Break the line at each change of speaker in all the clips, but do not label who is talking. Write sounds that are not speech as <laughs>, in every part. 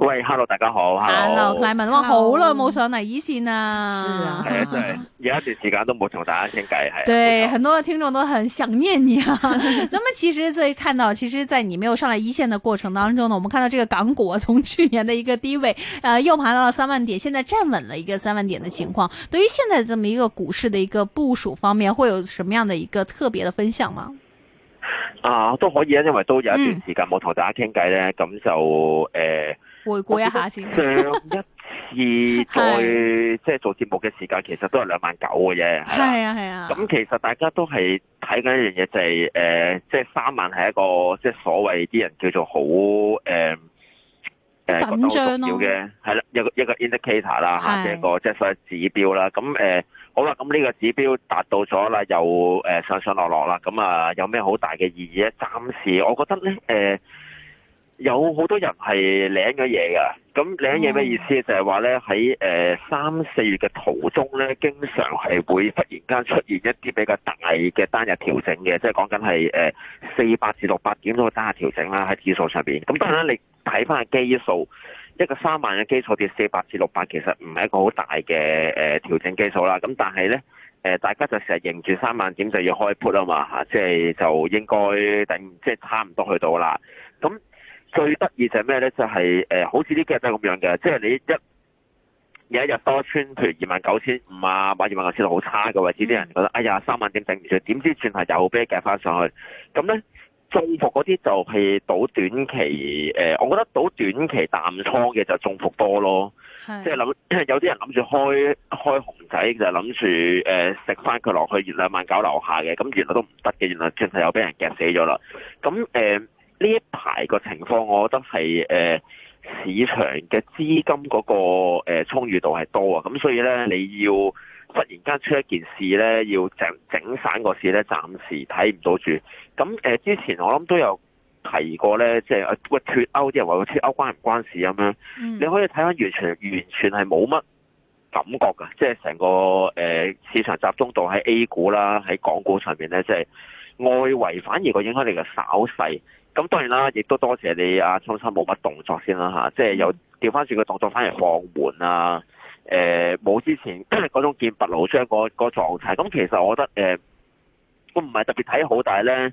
喂，Hello，大家好，Hello，Clive，
我好耐冇上嚟一線啊，係啊，
真係有一段時間都冇同大家傾偈，係。對，
對很多嘅聽眾都很想念你啊。那麼其實，所以看到，其實，在你沒有上嚟一線的過程當中呢，我們看到這個港股從去年的一個低位，誒、呃，又爬到了三萬點，現在站穩了一個三萬點的情況。對於現在這麼一個股市的一個部署方面，會有什麼樣的一個特別的分享嗎？
啊，都可以啊，因為都有一段時間冇同大家傾偈咧，咁、嗯、就誒。呃回顧一下先， <laughs> 上一次再即係做節目嘅時間， <laughs> 係啊、其實都係兩萬九嘅啫。係啊，係啊。咁其實大家都係睇緊一樣嘢，就係、係、誒，即係三萬係一個即係、就係、所謂啲人叫做好誒誒緊張咯、啊。嘅係啦，一個一個 indicator 啦，嚇是，一個即係所謂指標啦。咁誒、呃，好啦，咁呢個指標達到咗啦，又誒、呃、上上落落啦。咁啊、呃，有咩好大嘅意義咧？暫時我覺得咧，誒、呃。有好多人係領咗嘢㗎，咁領嘢咩意思就？就係話咧，喺誒三四月嘅途中咧，經常係會忽然間出現一啲比較大嘅單日調整嘅，即係講緊係誒四百至六百點嗰個單日調整啦，喺指數上面。咁當然啦，你睇翻下基數，一個三萬嘅基數跌四百至六百，其實唔係一個好大嘅誒、呃、調整基數啦。咁但係咧誒，大家就成日認住三萬點就要開 put 啊嘛，吓，即係就應該定即係差唔多去到啦。咁最得意就係咩咧？就係、是、誒、呃，好似啲夾都係咁樣嘅，即係你一有一,一日多穿，譬如二萬九千五啊，八二萬九千度好差嘅位置，啲人覺得哎呀三萬點頂唔住，點知轉係又俾夾翻上去。咁咧中伏嗰啲就係賭短期誒、呃，我覺得賭短期淡倉嘅就中伏多咯，即係、mm. 有啲人諗住開開熊仔，就諗住誒食翻佢落去二兩萬九樓下嘅，咁原來都唔得嘅，原來轉係又俾人夾死咗啦。咁呢一排個情況，我覺得係誒市場嘅資金嗰個充裕度係多啊，咁所以咧你要忽然間出一件事咧，要整整散個市咧，暫時睇唔到住。咁誒之前我諗都有提過咧，即係個脱歐啲人話個脱歐關唔關事咁樣，你可以睇翻完全完全係冇乜感覺㗎，即係成個誒市場集中度喺 A 股啦，喺港股上面咧，即係外圍反而個影響力嘅稍細。咁當然啦，亦都多謝你阿聰聰冇乜動作先啦、啊、即係又調翻轉個動作，返嚟放緩啊，誒冇之前嗰、啊、種劍拔弩張嗰個狀態。咁、啊、其實我覺得誒、啊，我唔係特別睇好，但係咧、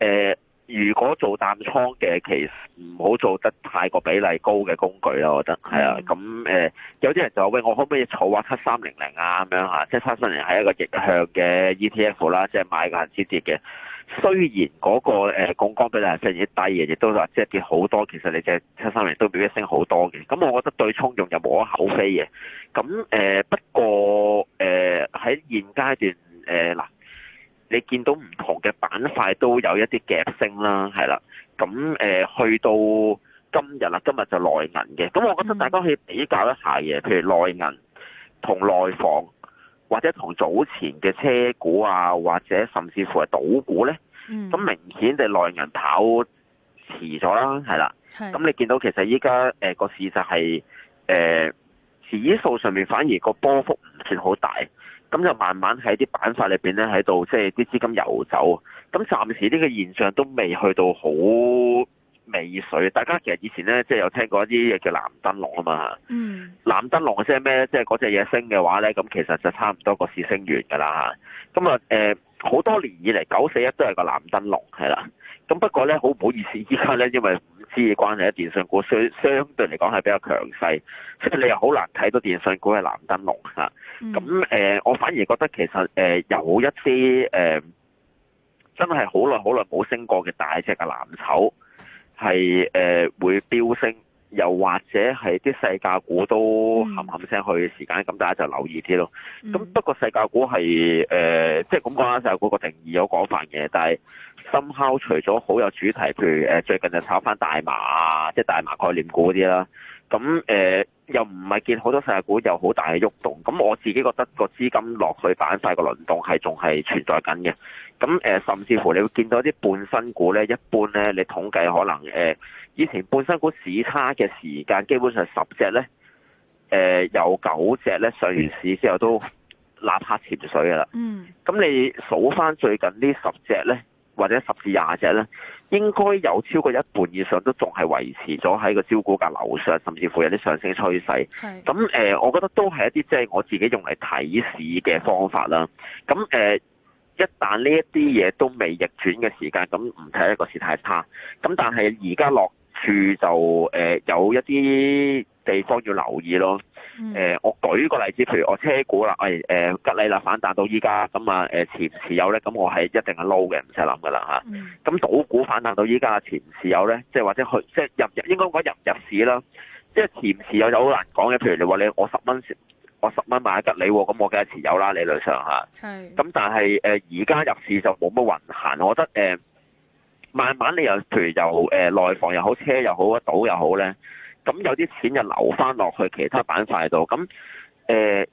啊、如果做淡倉嘅，其實唔好做得太過比例高嘅工具咯，我覺得係、嗯、啊。咁、啊、誒，有啲人就話喂，我可唔可以儲話七三零零啊？咁樣嚇、啊，即係七三零零係一個逆向嘅 ETF 啦、啊，即係買個恒指跌嘅。雖然嗰、那個誒槓桿、呃、比例係非常之低嘅，亦都話即係跌好多。其實你隻七三零都表一升好多嘅，咁我覺得對衝用就無可厚非嘅。咁誒、呃、不過誒喺、呃、現階段誒嗱、呃，你見到唔同嘅板塊都有一啲夾升啦，係啦。咁誒、呃、去到今日啦，今日就內銀嘅。咁我覺得大家可以比較一下嘅，譬如內銀同內房。或者同早前嘅車股啊，或者甚至乎係賭股呢，咁、嗯、明顯地內人跑遲咗啦，係喇。咁的你見到其實依家誒個市就係誒指數上面反而個波幅唔算好大，咁就慢慢喺啲板塊裏面呢，喺度即係啲資金遊走，咁暫時呢個現象都未去到好尾水，大家其實以前咧，即係有聽過一啲嘢叫藍燈籠啊嘛。嗯。Mm. 藍燈籠即係咩咧？即係嗰隻嘢升嘅話咧，咁其實就差唔多個市升完噶啦嚇。咁啊誒，好、呃、多年以嚟九四一都係個藍燈籠係啦。咁不過咧，好唔好意思，依家咧因為五 G 嘅關係、啊，電信股相相對嚟講係比較強勢，所以你又好難睇到電信股係藍燈籠嚇。咁誒、mm. 啊呃，我反而覺得其實誒、呃、有一啲誒、呃，真係好耐好耐冇升過嘅大隻嘅藍籌。係誒、呃、會飆升，又或者係啲細價股都冚冚聲去嘅時間，咁、嗯、大家就留意啲咯。咁不過細價股係誒即係咁講啦，細價股個定義有廣泛嘅，但係深敲除咗好有主題，譬如誒最近就炒翻大麻啊，即、就、係、是、大麻概念股啲啦。咁誒、呃、又唔係見好多細價股有好大嘅喐動，咁我自己覺得個資金落去板塊個輪動係仲係存在緊嘅。咁誒，甚至乎你會見到啲半新股咧，一般咧，你統計可能誒，以前半新股市差嘅時間，基本上十隻咧，誒，有九隻咧上完市之後都立刻潛水㗎啦。嗯。咁你數翻最近呢十隻咧，或者十至廿隻咧，應該有超過一半以上都仲係維持咗喺個招股價樓上，甚至乎有啲上升趨勢。係。咁誒，我覺得都係一啲即係我自己用嚟睇市嘅方法啦。咁誒。一旦呢一啲嘢都未逆轉嘅時間，咁唔睇一個市太差。咁但係而家落處就、呃、有一啲地方要留意咯、呃。我舉個例子，譬如我車股啦，誒、欸、係、呃、吉利啦反彈到依家，咁啊誒持唔持有呢？咁我係一定係撈嘅，唔使諗噶啦嚇。咁賭股反彈到依家持唔持有呢？即係或者去即係入入應該講入唔入市啦。即係持唔持有就好難講嘅，譬如你話你我十蚊。我、哦、十蚊買一吉你喎，咁我梗係持有啦，理論上嚇。係是。咁但係誒，而、呃、家入市就冇乜運行，我覺得誒、呃，慢慢你又譬如又誒、呃、內房又好，車又好，啊，賭又好咧，咁有啲錢就流翻落去其他板塊度，咁誒，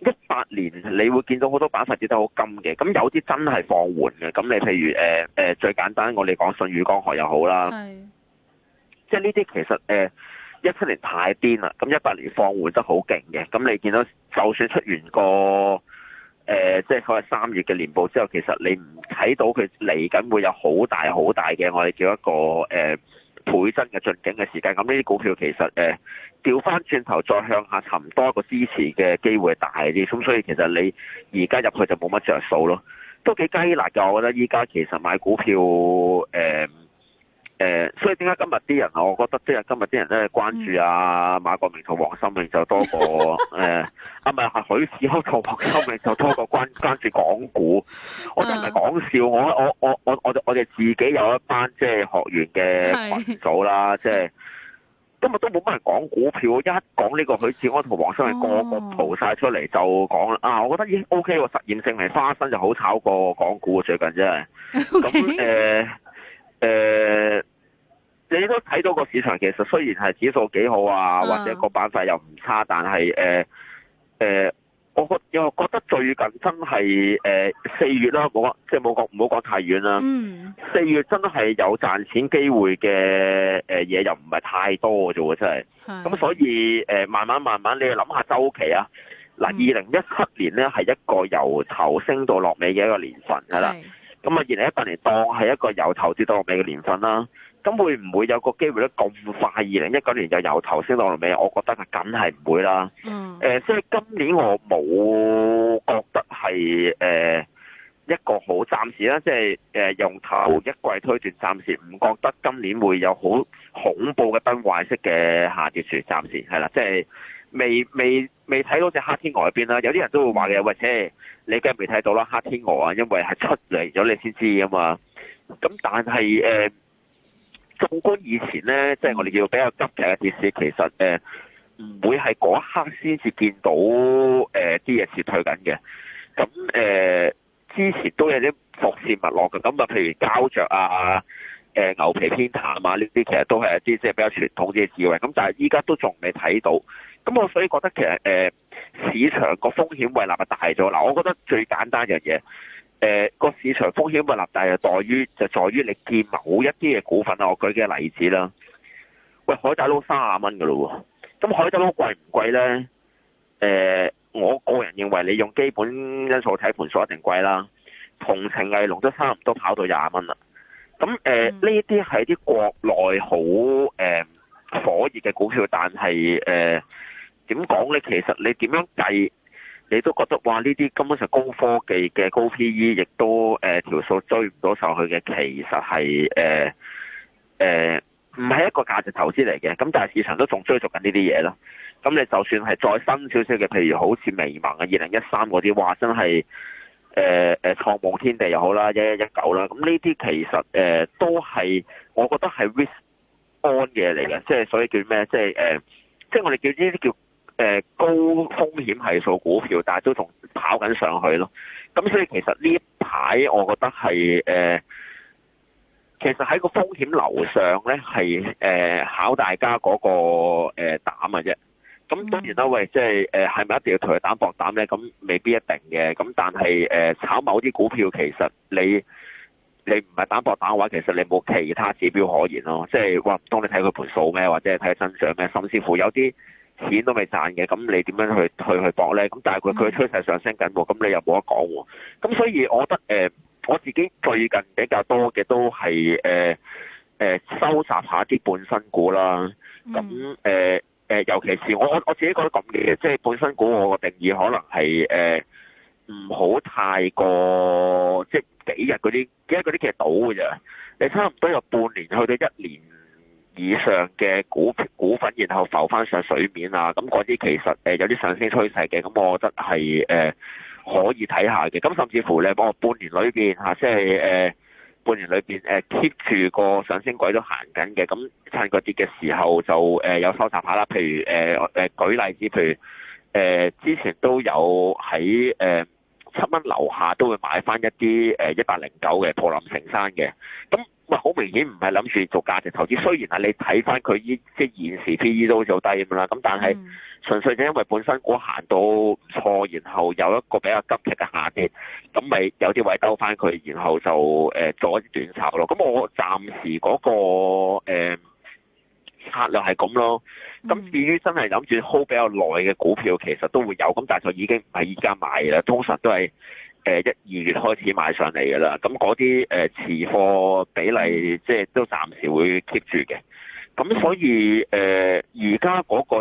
一、呃、八年你會見到好多板塊跌得好金嘅，咁有啲真係放緩嘅，咁你譬如誒誒、呃呃、最簡單我說，我哋講信譽江河又好啦，即係呢啲其實誒。呃一七年太癲啦，咁一八年放緩得好勁嘅，咁你見到就算出完個誒，即係所謂三月嘅年報之後，其實你唔睇到佢嚟緊會有好大好大嘅，我哋叫一個誒、呃、倍增嘅進境嘅時間。咁呢啲股票其實誒調返轉頭再向下尋多一個支持嘅機會大啲，咁所以其實你而家入去就冇乜着數咯，都幾雞肋噶。我覺得依家其實買股票誒。呃誒、呃，所以點解今日啲人，我覺得即係今日啲人咧關注啊馬國明同黃心穎就多過誒， <laughs> 啊唔係，許志安同黃心穎就多過關 <laughs> 關注港股。我真係唔講笑，我我我我我我哋自己有一班即係、就是、學員嘅群組啦，即係是、就是、今日都冇乜人講股票，一講呢個許志安同黃心穎個個蒲晒出嚟，就講啦。啊，我覺得已經 OK 喎，實驗性嚟，花生就好炒過港股，最近真係咁誒。 <laughs> 誒、呃，你都睇到個市場，其實雖然係指數幾好啊，啊或者個板塊又唔差，但係誒誒，我又覺得最近真係誒四月啦，冇即係冇講唔好講太遠啦。嗯，四月真係有賺錢機會嘅，誒嘢又唔係太多嘅啫，真係係。咁的所以誒、呃、慢慢慢慢，你要諗下週期啊。嗱、呃，二零一七年咧係一個由頭升到落尾嘅一個年份係啦。咁啊，二零一八年當係一個由頭至到尾嘅年份啦，咁會唔會有個機會咧咁快？二零一九年就由頭先到尾，我覺得係梗係唔會啦。嗯。所以、呃即係、今年我冇覺得係、呃、一個好，暫時啦，即、呃、係用頭一季推斷，暫時唔覺得今年會有好恐怖嘅崩壞式嘅下跌潮。暫時係啦，即係未未。未未睇到隻黑天鵝喺邊啦，有啲人都會話嘅，或者你梗係未睇到啦黑天鵝啊，因為係出嚟咗你先知啊嘛。咁但係誒，縱、呃、觀以前咧，即、就、係、是、我哋叫比較急嘅跌市，其實誒唔、呃、會係嗰一刻先至見到誒啲嘢撤退緊嘅。咁誒、呃、之前都有啲伏線物落嘅，咁啊譬如膠着啊。誒牛皮偏淡啊！呢啲其實都係一啲即係比較傳統嘅智慧咁，但係依家都仲未睇到咁，我所以覺得其實誒、呃、市場個風險會立啊大咗嗱，我覺得最簡單一樣嘢，誒個市場風險會立大就在於就在於你見某一啲嘅股份啦，我舉嘅例子啦，喂海底撈卅蚊噶咯喎，咁海底撈貴唔貴咧？誒、呃，我個人認為你用基本因素睇盤數一定貴啦，同程藝龍都差唔多跑到廿蚊啦。咁誒呢啲係啲國內好誒、呃、火熱嘅股票，但係誒點講呢？其實你點樣計，你都覺得哇！呢啲根本上高科技嘅高 P E 亦都、呃、條數追唔到上去嘅，其實係誒唔係一個價值投資嚟嘅。咁但係市場都仲追逐緊呢啲嘢啦。咁你就算係再新少少嘅，譬如好似微盟嘅二零一三嗰啲，話，真係～誒誒，創夢天地又好啦，一一一九啦，咁呢啲其實誒、呃、都係我覺得係 risk on 嘅嚟嘅，即、就、係、是、所以叫咩？即係誒，即、呃、係、就是、我哋叫呢啲叫誒、呃、高風險係數股票，但係都仲跑緊上去咯。咁所以其實呢一排，我覺得係誒、呃，其實喺個風險樓上咧，係誒、呃、考大家嗰、那個誒膽嘅啫。呃咁、嗯、當然啦，喂，即係係咪一定要同佢打薄膽咧？咁未必一定嘅。咁但係炒某啲股票，其實你你唔係打薄膽嘅話，其實你冇其他指標可言咯。即係話，唔通你睇佢盤數咩，或者睇佢增長咩，甚至乎有啲錢都未賺嘅，咁你點樣去去去搏咧？咁但係佢佢嘅趨勢上升緊喎，咁、嗯、你又冇得講喎。咁所以，我覺得、呃、我自己最近比較多嘅都係、呃呃、收集一下啲半新股啦。咁、呃嗯呃誒、呃，尤其是我我自己覺得咁嘅，即係本身估我個定義可能係誒，唔、呃、好太過即係幾日嗰啲，幾日嗰啲其實賭嘅啫。你差唔多有半年去到一年以上嘅股股份，然後浮翻上水面啊，咁嗰啲其實誒有啲上升趨勢嘅，咁我覺得係誒可以睇下嘅。咁甚至乎你包我半年裏邊嚇，即係誒。呃半年裏邊，keep 住個上升軌都行緊嘅，咁趁個跌嘅時候就誒有收窄下啦。譬如誒誒、呃、舉例子，譬如誒、呃、之前都有喺誒七蚊樓下都會買翻一啲誒一百零九嘅破臨成山嘅，咁。好明顯，唔係諗住做價值投資。雖然係你睇翻佢依即係現時 P E 都做低咁啦，咁但係純粹就因為本身股行到唔錯，然後有一個比較急劇嘅下跌，咁咪有啲位兜翻佢，然後就誒做一啲短炒咯。咁我暫時嗰、嗰個、呃、策略係咁咯。咁至於真係諗住 hold 比較耐嘅股票，其實都會有，咁但係就已經唔係而家買啦。通常都係。誒，一二月開始買上嚟嘅啦，咁嗰啲誒持貨比例，即係都暫時會 keep 住嘅。咁所以誒，而家嗰個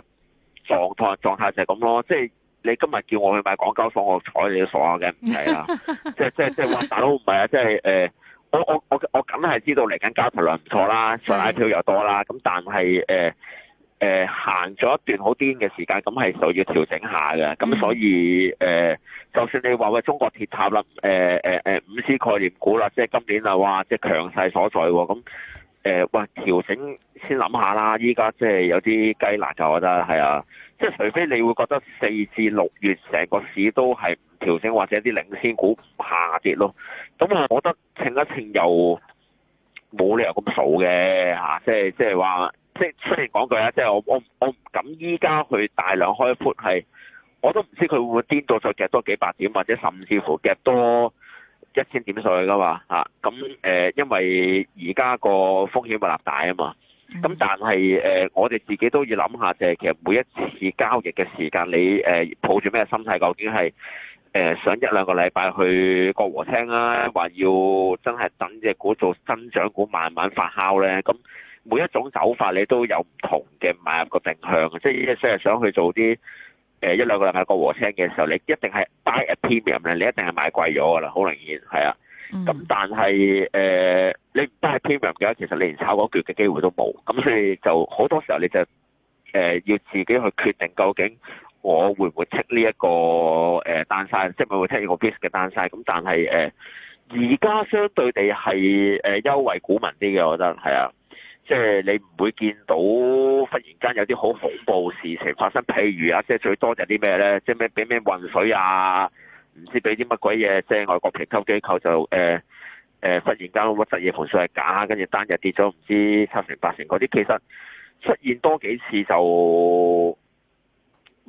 狀態狀態就係咁咯，即係你今日叫我去買港交所，我睬你都傻嘅，唔係啊， <laughs> 即係即係即係，哇！大佬唔係啊，即係誒、呃，我我我我梗係知道嚟緊交投量唔錯啦，上街票又多啦，咁但係誒。呃誒、呃，行咗一段好癲嘅時間，咁係就要調整下嘅。咁所以誒、呃，就算你話喂中國鐵塔啦，誒誒誒，五 G 概念股啦，即係今年啊，哇，即係強勢所在喎。咁誒，喂、呃，調整先諗下啦。依家即係有啲雞難就我覺得係啊。即係除非你會覺得四至六月成個市都係唔調整或者啲領先股唔下跌咯。咁啊，我覺得清一清又冇理由咁數嘅吓，即係即係話。即雖然講句啊，即、就、係、是、我我我唔敢依家去大量開倉係，我都唔知佢會唔會癲到再夾多幾百點，或者甚至乎夾多一千點上去噶嘛嚇。咁因為而家個風險壓力大啊嘛。咁、啊、但係、啊、我哋自己都要諗下，就係、是、其實每一次交易嘅時間，你誒、啊、抱住咩心態？究竟係誒、啊、想一兩個禮拜去個和聽啊，還要真係等隻股做增長股慢慢發酵咧？咁、啊。每一種走法你都有唔同嘅買入個定向，即係即係想去做啲誒一兩個禮拜個和聲嘅時候，你一定係 buy a premium 咧，你一定係買貴咗噶啦，好明顯係啊。咁、嗯、但係誒、呃，你唔 buy premium 嘅話，其實你連炒嗰撅嘅機會都冇。咁你就好多時候你就誒、呃、要自己去決定究竟我會唔會 tick 呢、這、一個誒單曬，即係咪唔會 tick 嘅單晒。咁但係誒，而、呃、家相對地係誒、呃、優惠股民啲嘅，我覺得係啊。是即係你唔會見到忽然間有啲好恐怖事情發生，譬如啊，即係最多就係啲咩咧，即係咩俾咩渾水啊，唔知俾啲乜鬼嘢，即係外國評級機構就誒、呃呃、忽然間屈實嘢，盤數係假，跟住單日跌咗唔知七成八成嗰啲，其實出現多幾次就。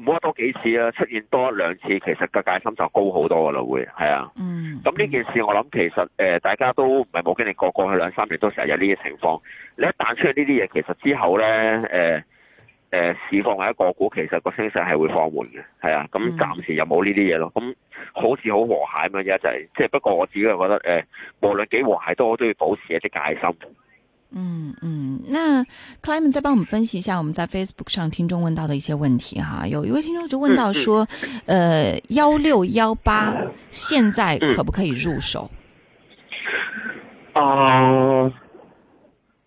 唔好話多幾次啊，出現多一兩次，其實個戒心就高好多噶啦，會係啊。嗯。咁呢件事我諗其實誒、呃，大家都唔係冇經歷過，過去兩三年都成日有呢啲情況。你一旦出現呢啲嘢，其實之後咧，誒、呃、誒，釋放喺個股，其實個升勢係會放緩嘅。係啊。咁暫時又冇呢啲嘢咯。咁好似好和諧咁樣一係即係不過我自己係覺得，誒、呃，無論幾和諧都我都要保持一啲戒心。
嗯嗯，那克萊門再幫我們分析一下我們在 Facebook 上聽眾問到的一些問題哈。有一位聽眾就問到說，嗯、呃，幺六幺八現在可不可以入手？
嗯嗯、啊，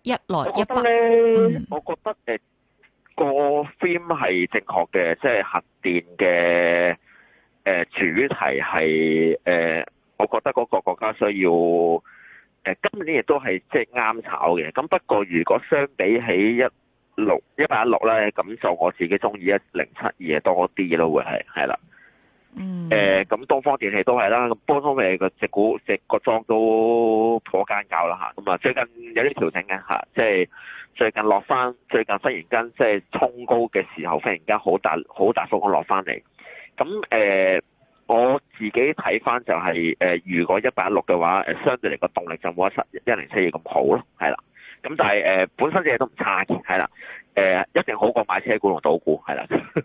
一六一八我覺得誒，個 theme 係正確嘅，即係核電嘅誒主題係誒，我覺得嗰、那個就是呃呃、個國家需要。誒，今年亦都係即係啱炒嘅。咁不過，如果相比起一六一八一六咧，咁就我自己中意一零七二多啲咯，會係係啦。嗯。咁、mm. 呃、東方電器都係啦。咁波通嘅個隻股隻個莊都破間教啦嚇，咁啊，最近有啲調整嘅嚇，即係最近落翻，最近忽然間即係衝高嘅時候，忽然間好大好大幅咁落翻嚟。咁、啊、誒。我自己睇翻就係、是、誒、呃，如果一百一六嘅話、呃，相對嚟個動力就冇一七一零七二咁好咯，係啦。咁但係誒、呃、本身隻嘢都唔差嘅，係啦。誒、呃、一定好過買車股同賭股，係啦。 <laughs>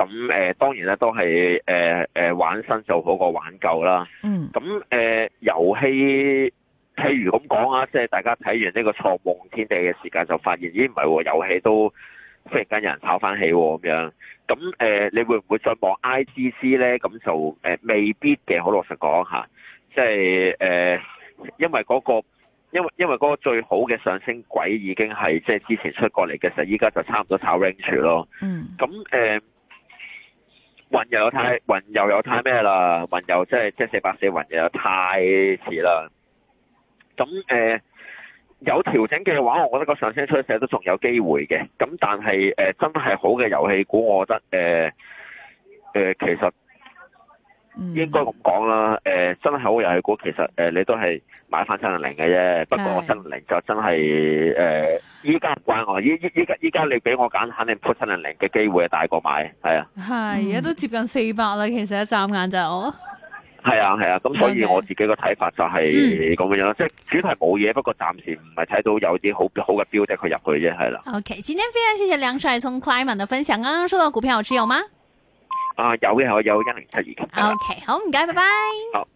咁誒、呃、當然咧都係誒誒玩新就好過玩舊啦。嗯。咁誒、呃、遊戲譬如咁講啊，即、就、係、是、大家睇完呢個錯夢天地嘅時間就發現咦，唔係喎，遊戲都忽然間有人炒翻起喎咁樣。咁、呃、你會唔會再望 IGC 咧？咁就、呃、未必嘅，好老實講下，即係誒，因為嗰、嗰個因為因為嗰個最好嘅上升軌已經係即係之前出過嚟嘅時候，依家就差唔多炒 range 咯。嗯。咁誒。呃運又有太運又有太咩啦？運又即係即係四百四運又太、呃、有太遲啦。咁誒有調整嘅話，我覺得個上升趨勢都仲有機會嘅。咁但係誒、呃、真係好嘅遊戲股，我覺得誒誒、呃呃、其實。嗯、應該咁講啦，誒、呃，真係好嘅遊戲股，其實誒、呃，你都係買翻七零零嘅啫。是不過七零零就真係，誒、呃，依家唔關我。依依依家依家你俾我揀，肯定 put 七零零嘅機會係大過買，係啊。
係而家都接近四百啦，其實一眨眼就。
係啊係啊，咁、啊嗯、所以我自己個睇法就係咁樣咯，即係 okay, 主題冇嘢，不過暫時唔係睇到有啲好好嘅標的、er、去入去啫，係啦、啊。
OK，今日非常謝謝梁帥聰 Climbman 嘅分享。剛剛收到股票有持有嗎？
啊，有嘅，我有一零七二嘅。OK 好，唔該，拜拜。好。